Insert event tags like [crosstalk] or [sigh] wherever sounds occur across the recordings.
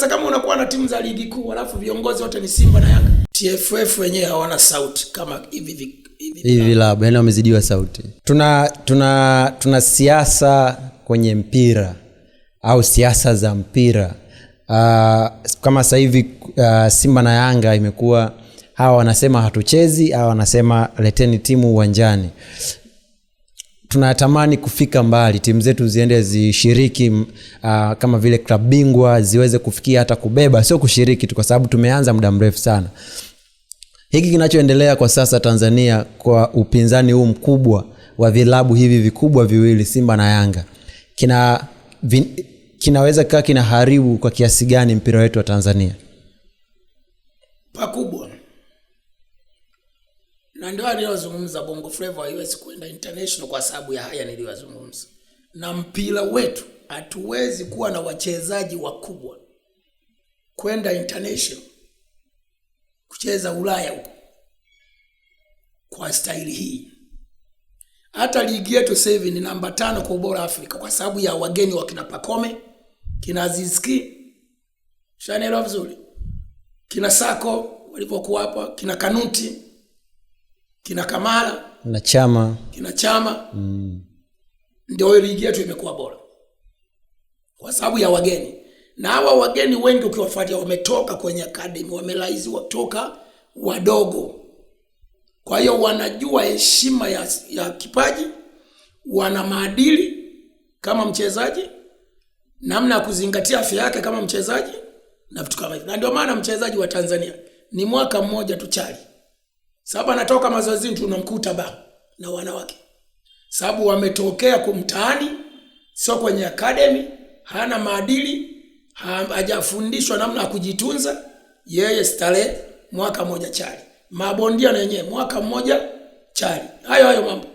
Sasa kama unakuwa na timu za ligi kuu alafu viongozi wote ni Simba na Yanga, TFF wenyewe hawana sauti kama hivi hivi vilabu, yani wamezidiwa sauti. Tuna tuna tuna siasa kwenye mpira au siasa za mpira uh, kama sasa hivi uh, Simba na Yanga imekuwa hawa wanasema hatuchezi, hawa wanasema leteni timu uwanjani tunatamani kufika mbali, timu zetu ziende zishiriki uh, kama vile klab bingwa ziweze kufikia hata kubeba, sio kushiriki tu, kwa sababu tumeanza muda mrefu sana. Hiki kinachoendelea kwa sasa Tanzania, kwa upinzani huu mkubwa wa vilabu hivi vikubwa viwili, Simba na Yanga, kina vin, kinaweza kaa kinaharibu kwa kiasi gani mpira wetu wa Tanzania? Pakubwa na ndio aliyozungumza Bongo Flava haiwezi kwenda international kwa sababu ya haya niliyozungumza, na mpira wetu hatuwezi kuwa na wachezaji wakubwa kwenda international kucheza Ulaya huko kwa staili hii. Hata ligi yetu sasa hivi ni namba tano kwa ubora Afrika kwa sababu ya wageni wa kina Pakome, kina Zizki, shanelewa vizuri, kina Sako walivyokuwa hapa, kina Kanuti kina Kamara na Chama, kina Chama mm. ndio hiyo ligi yetu imekuwa bora kwa sababu ya wageni, na hawa wageni wengi ukiwafuatia wametoka kwenye academy, wamelaizi watoka wadogo, kwa hiyo wanajua heshima ya, ya kipaji, wana maadili kama mchezaji, namna ya kuzingatia afya yake kama mchezaji na vitu kama hivyo, na ndio maana mchezaji wa Tanzania ni mwaka mmoja tu chali sababu anatoka mazoezini, tunamkuta ba na wanawake, sababu wametokea kumtaani, sio kwenye academy, hana maadili, hajafundishwa namna ya kujitunza. Yeye starehe mwaka mmoja chali, mabondia na yenyewe mwaka mmoja chali, hayo hayo mambo,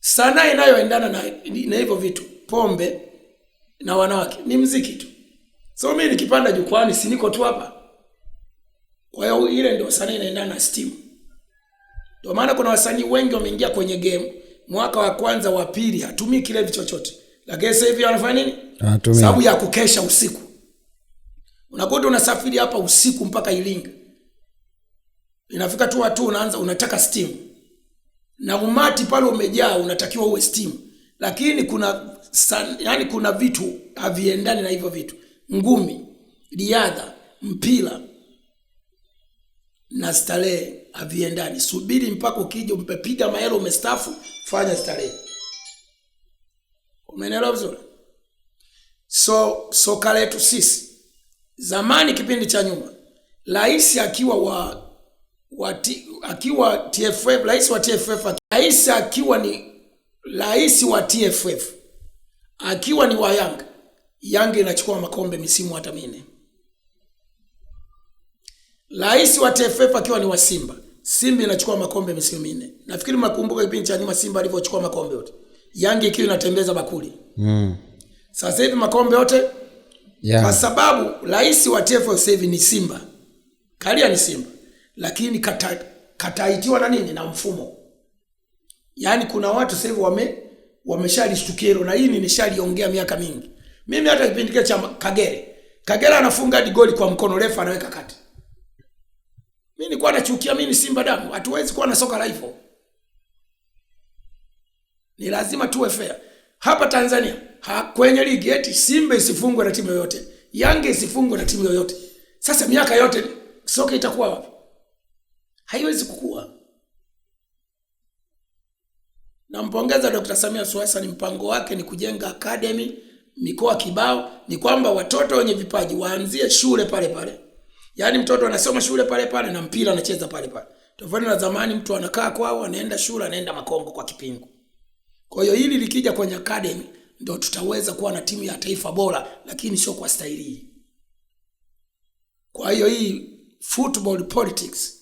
sanaa inayoendana na, na hivyo vitu, pombe na wanawake ni mziki tu. So mimi nikipanda jukwani, si niko tu hapa. Kwa hiyo ile ndio sanaa inaendana na stimu. Ndio maana kuna wasanii wengi wameingia kwenye game mwaka wa kwanza wa pili hatumii kilevi chochote, lakini sasa hivi wanafanya nini? Sababu ya kukesha usiku, unakuta unasafiri hapa usiku mpaka Ilinga, inafika tu watu unaanza unataka steam na umati pale umejaa, unatakiwa uwe steam, lakini kuna san, yani kuna vitu haviendani na hivyo vitu, ngumi, riadha, mpira na starehe haviendani. Subiri mpaka ukija umpepiga mahelo umestafu, fanya starehe. Umeelewa vizuri? So soka letu sisi zamani, kipindi cha nyuma, rais akiwa wa, wa t, akiwa TFF, rais wa TFF, rais akiwa ni rais wa TFF akiwa ni wa Yanga, Yanga inachukua makombe misimu hata minne. Rais wa TFF akiwa ni wa Simba. Simba inachukua makombe misimu minne. Nafikiri mnakumbuka kipindi cha nyuma Simba alivyochukua makombe yote. Yanga ikiwa inatembeza bakuli. Mm. Sasa hivi makombe yote yeah. Kwa sababu rais wa TFF sasa hivi ni Simba. Kalia ni Simba. Lakini kata, kataitiwa na nini na mfumo. Yaani kuna watu sasa hivi wame wameshalishtukia hilo na hii nimeshaliongea miaka mingi. Mimi hata kipindi cha Kagere. Kagere anafunga hadi goli kwa mkono refa anaweka kati. Mimi nilikuwa nachukia mimi ni Simba damu. Hatuwezi kuwa na soka laifo. Ni lazima tuwe fair. Hapa Tanzania ha, kwenye ligi eti Simba isifungwe na timu yoyote. Yanga isifungwe na timu yoyote. Sasa miaka yote soka itakuwa wapi? Haiwezi kukua. Nampongeza Dr. Samia Suluhu Hassan, mpango wake ni kujenga academy mikoa kibao. Ni kwamba watoto wenye vipaji waanzie shule pale pale. Yaani mtoto anasoma shule pale pale na mpira anacheza pale pale. Tofauti na zamani mtu anakaa kwao, anaenda shule, anaenda makongo kwa kipingu. Kwa hiyo hili likija kwenye academy ndio tutaweza kuwa na timu ya taifa bora, lakini sio kwa staili hii. Kwa hiyo hii football politics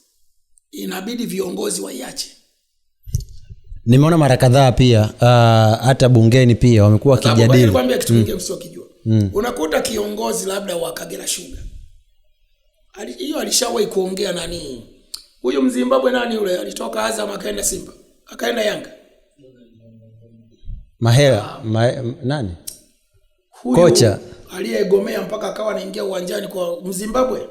inabidi viongozi waiache. Nimeona mara kadhaa pia uh, hata bungeni pia wamekuwa wakijadili. Nikwambia kitu kingine msio mm. kijua. Mm. Unakuta kiongozi labda wa Kagera Sugar hiyo alishawahi kuongea nani huyu Mzimbabwe nani yule alitoka Azam akaenda Simba akaenda Yanga mahela ah. ma, nani huyu kocha aliyegomea mpaka akawa anaingia uwanjani kwa Mzimbabwe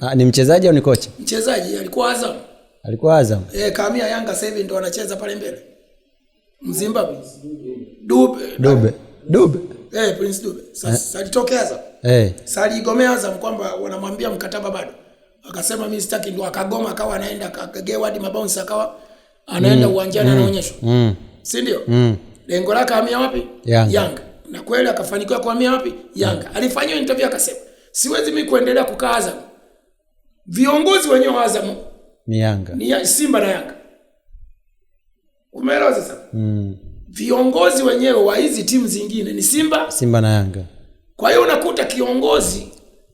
ha, ah, ni mchezaji au ni kocha? Mchezaji alikuwa Azam, alikuwa Azam e, kamia Yanga sasa hivi ndo anacheza pale mbele Mzimbabwe Dube, Dube. Dube. Eh, Prince Dube. Sasa alitokea eh. Sasa. Eh. Sasa aligomea Azam kwamba wanamwambia mkataba bado. Akasema mimi sitaki, ndo akagoma akawa anaenda akagea wadi mabounce akawa anaenda mm. uwanjani mm. anaonyeshwa. Mm. Si ndio? Mm. Lengo lake ahamia wapi? Yanga. Yanga. Na kweli akafanikiwa kuhamia wapi? Yanga. Mm. Alifanyiwa interview akasema, siwezi mimi kuendelea kukaa Azam. Viongozi wenyewe wa Azam ni Yanga. Ni Simba na Yanga. Umeelewa sasa? Mm viongozi wenyewe wa hizi timu zingine ni Simba, Simba na Yanga. Kwa hiyo unakuta kiongozi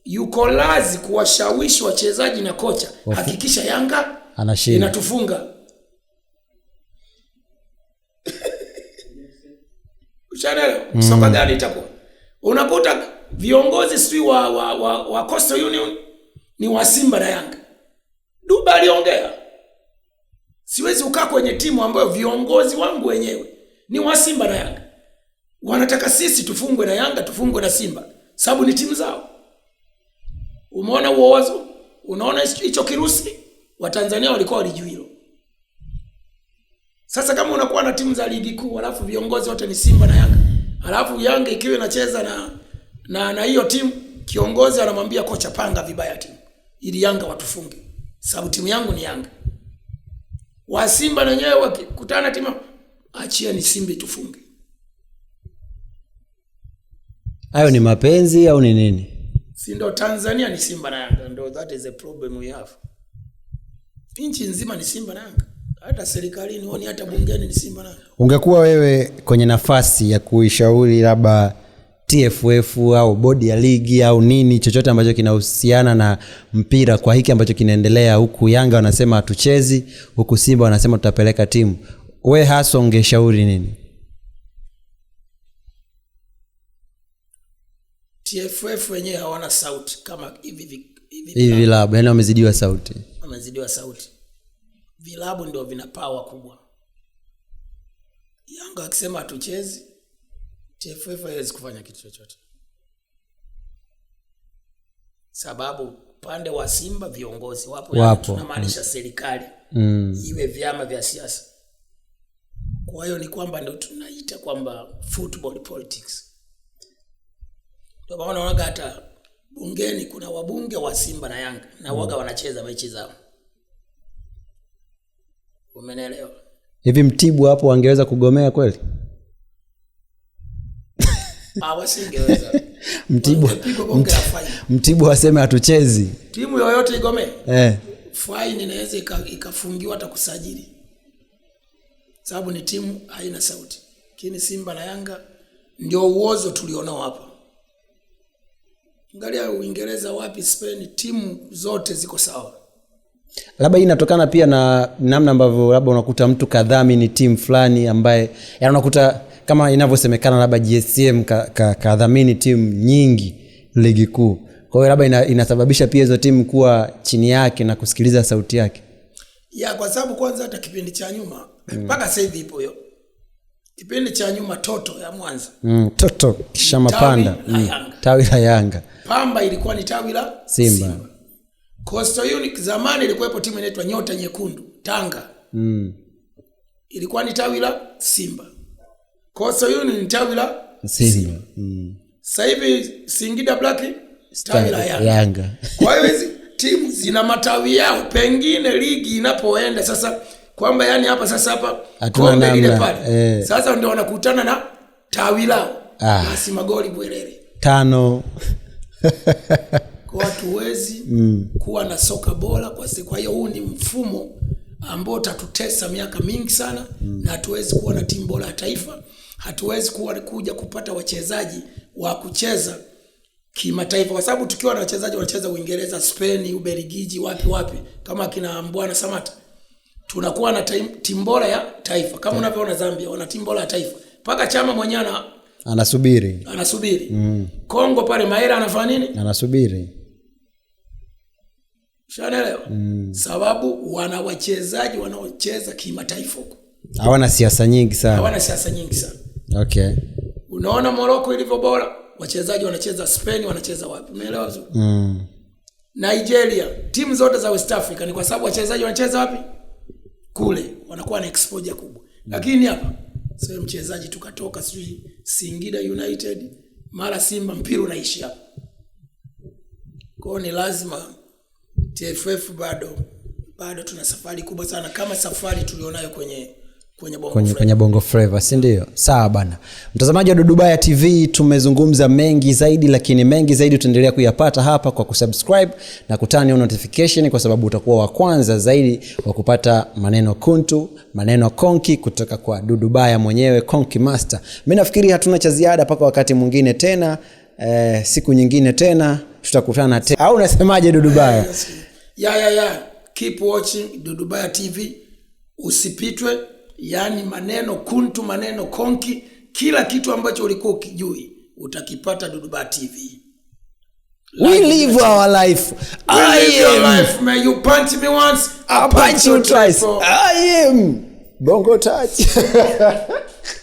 yuko lazi kuwashawishi wachezaji na kocha, hakikisha Yanga anashinda inatufunga. [laughs] Ushanelewa mm. soka gani itakuwa? Unakuta viongozi sijui wa, wa, wa, wa Coastal Union ni wa Simba na Yanga. Duba aliongea, siwezi ukaa kwenye timu ambayo viongozi wangu wenyewe ni wa Simba na Yanga. Wanataka sisi tufungwe na Yanga, tufungwe na Simba, sababu ni timu zao. Umeona huo wazo? Unaona hicho kirusi? Watanzania walikuwa walijua hilo. Sasa kama unakuwa na timu za ligi kuu alafu viongozi wote ni Simba na Yanga, alafu Yanga ikiwa inacheza na na na hiyo timu, kiongozi anamwambia kocha, panga vibaya timu ili Yanga watufunge, sababu timu yangu ni Yanga. Wa Simba na wenyewe wakikutana timu achia ni simbi tufunge. Hayo ni mapenzi au ni nini? Si ndo Tanzania ni Simba na Yanga, ndo that is a problem we have. Nchi nzima ni Simba na Yanga, hata serikalini woni, hata bungeni ni Simba na Yanga. Ungekuwa wewe kwenye nafasi ya kuishauri labda TFF au bodi ya ligi au nini chochote ambacho kinahusiana na mpira kwa hiki ambacho kinaendelea huku, Yanga wanasema hatuchezi, huku Simba wanasema tutapeleka timu, we hasa ungeshauri nini? TFF wenyewe hawana sauti kama hivi hivi vilabu, yani wamezidiwa sauti, wamezidiwa sauti. Vilabu ndio vina pawa kubwa. Yanga akisema hatuchezi, TFF haiwezi kufanya kitu chochote, sababu upande wa Simba viongozi wapo, yaani tunamaanisha serikali mm. iwe vyama vya siasa kwa hiyo ni kwamba ndo tunaita kwamba football politics. Ndio unaona hata bungeni kuna wabunge wa Simba na Yanga na mm. waga wanacheza mechi zao. Umenelewa? Hivi mtibu hapo angeweza kugomea kweli? [laughs] Ah, wasingeweza. [laughs] aseme hatuchezi, timu yoyote igomee eh, faini inaweza ikafungiwa hata kusajili sababu ni timu haina sauti, lakini Simba na Yanga ndio uozo tulionao hapa. Angalia Uingereza, wapi, Spain, timu zote ziko sawa. Labda hii inatokana pia na namna ambavyo labda unakuta mtu kadhamini timu fulani ambaye yani unakuta kama inavyosemekana labda GSM kadhamini ka, ka timu nyingi ligi kuu. Kwa hiyo labda ina, inasababisha pia hizo timu kuwa chini yake na kusikiliza sauti yake ya, kwa sababu kwanza hata kipindi cha nyuma Mm. mpaka mm. sasa hivi ipo hiyo. Kipindi cha nyuma toto ya Mwanza mm, toto kisha mapanda mm, tawi la Yanga, Pamba ilikuwa ni tawi la Simba, Simba. Coastal Union zamani ilikuwepo timu inaitwa Nyota Nyekundu Tanga mm. ilikuwa ni tawi la Simba. Coastal Union ni tawi la Simba, Simba. Mm. Sasa hivi Singida Black tawi la Yanga, Yanga. Kwa hiyo hizi timu zina matawi yao, pengine ligi inapoenda sasa kwamba yani hapa sasa hapa hatuna namna pale eh. Sasa ndio wanakutana na tawi lao ah. Basi magoli bwerere tano kwa watu wezi [laughs] mm. kuwa na soka bora kwa sababu Kwa hiyo huu ni mfumo ambao utatutesa miaka mingi sana mm. na hatuwezi kuwa na timu bora ya taifa, hatuwezi kuwa kuja kupata wachezaji wa kucheza kimataifa kwa sababu tukiwa na wachezaji wanacheza Uingereza, Spain, Ubelgiji, wapi wapi, kama kina Mbwana Samata tunakuwa na timu bora ya taifa kama unavyoona Zambia wana timu bora ya taifa mpaka chama mwenyewe anasubiri anasubiri mm. Kongo pale Maera anafanya nini? Anasubiri, shanaelewa mm. Sababu wana wachezaji wanaocheza kimataifa huko, hawana siasa nyingi sana, hawana siasa nyingi sana okay. Unaona moroko ilivyo bora, wachezaji wanacheza Spain, wanacheza wapi, umeelewa vizuri mm. Nigeria, timu zote za West Africa ni kwa sababu wachezaji wanacheza wapi kule wanakuwa na exposure kubwa, mm. lakini hapa sio mchezaji tukatoka sijui Singida United mara Simba, mpira unaishi hapa. Kwao ni lazima TFF, bado bado tuna safari kubwa sana, kama safari tulionayo kwenye kwenye bongo, kwenye, bongo flava si ndio? Sawa bana, mtazamaji wa Dudubaya TV, tumezungumza mengi zaidi, lakini mengi zaidi utaendelea kuyapata hapa kwa kusubscribe na kutani notification, kwa sababu utakuwa wa kwanza zaidi wa kupata maneno kuntu, maneno konki kutoka kwa Dudubaya mwenyewe Konki Master. Mimi nafikiri hatuna cha ziada mpaka wakati mwingine tena, eh, siku nyingine tena tutakutana tena, au unasemaje Dudubaya? [laughs] ya, ya, ya. Keep watching Dudubaya TV, usipitwe yaani maneno kuntu, maneno konki, kila kitu ambacho ulikuwa ukijui utakipata Duduba TV. We live our life. We I live am. your life, May You punch me once, I'll punch, punch you twice. I am Bongo Touch. [laughs]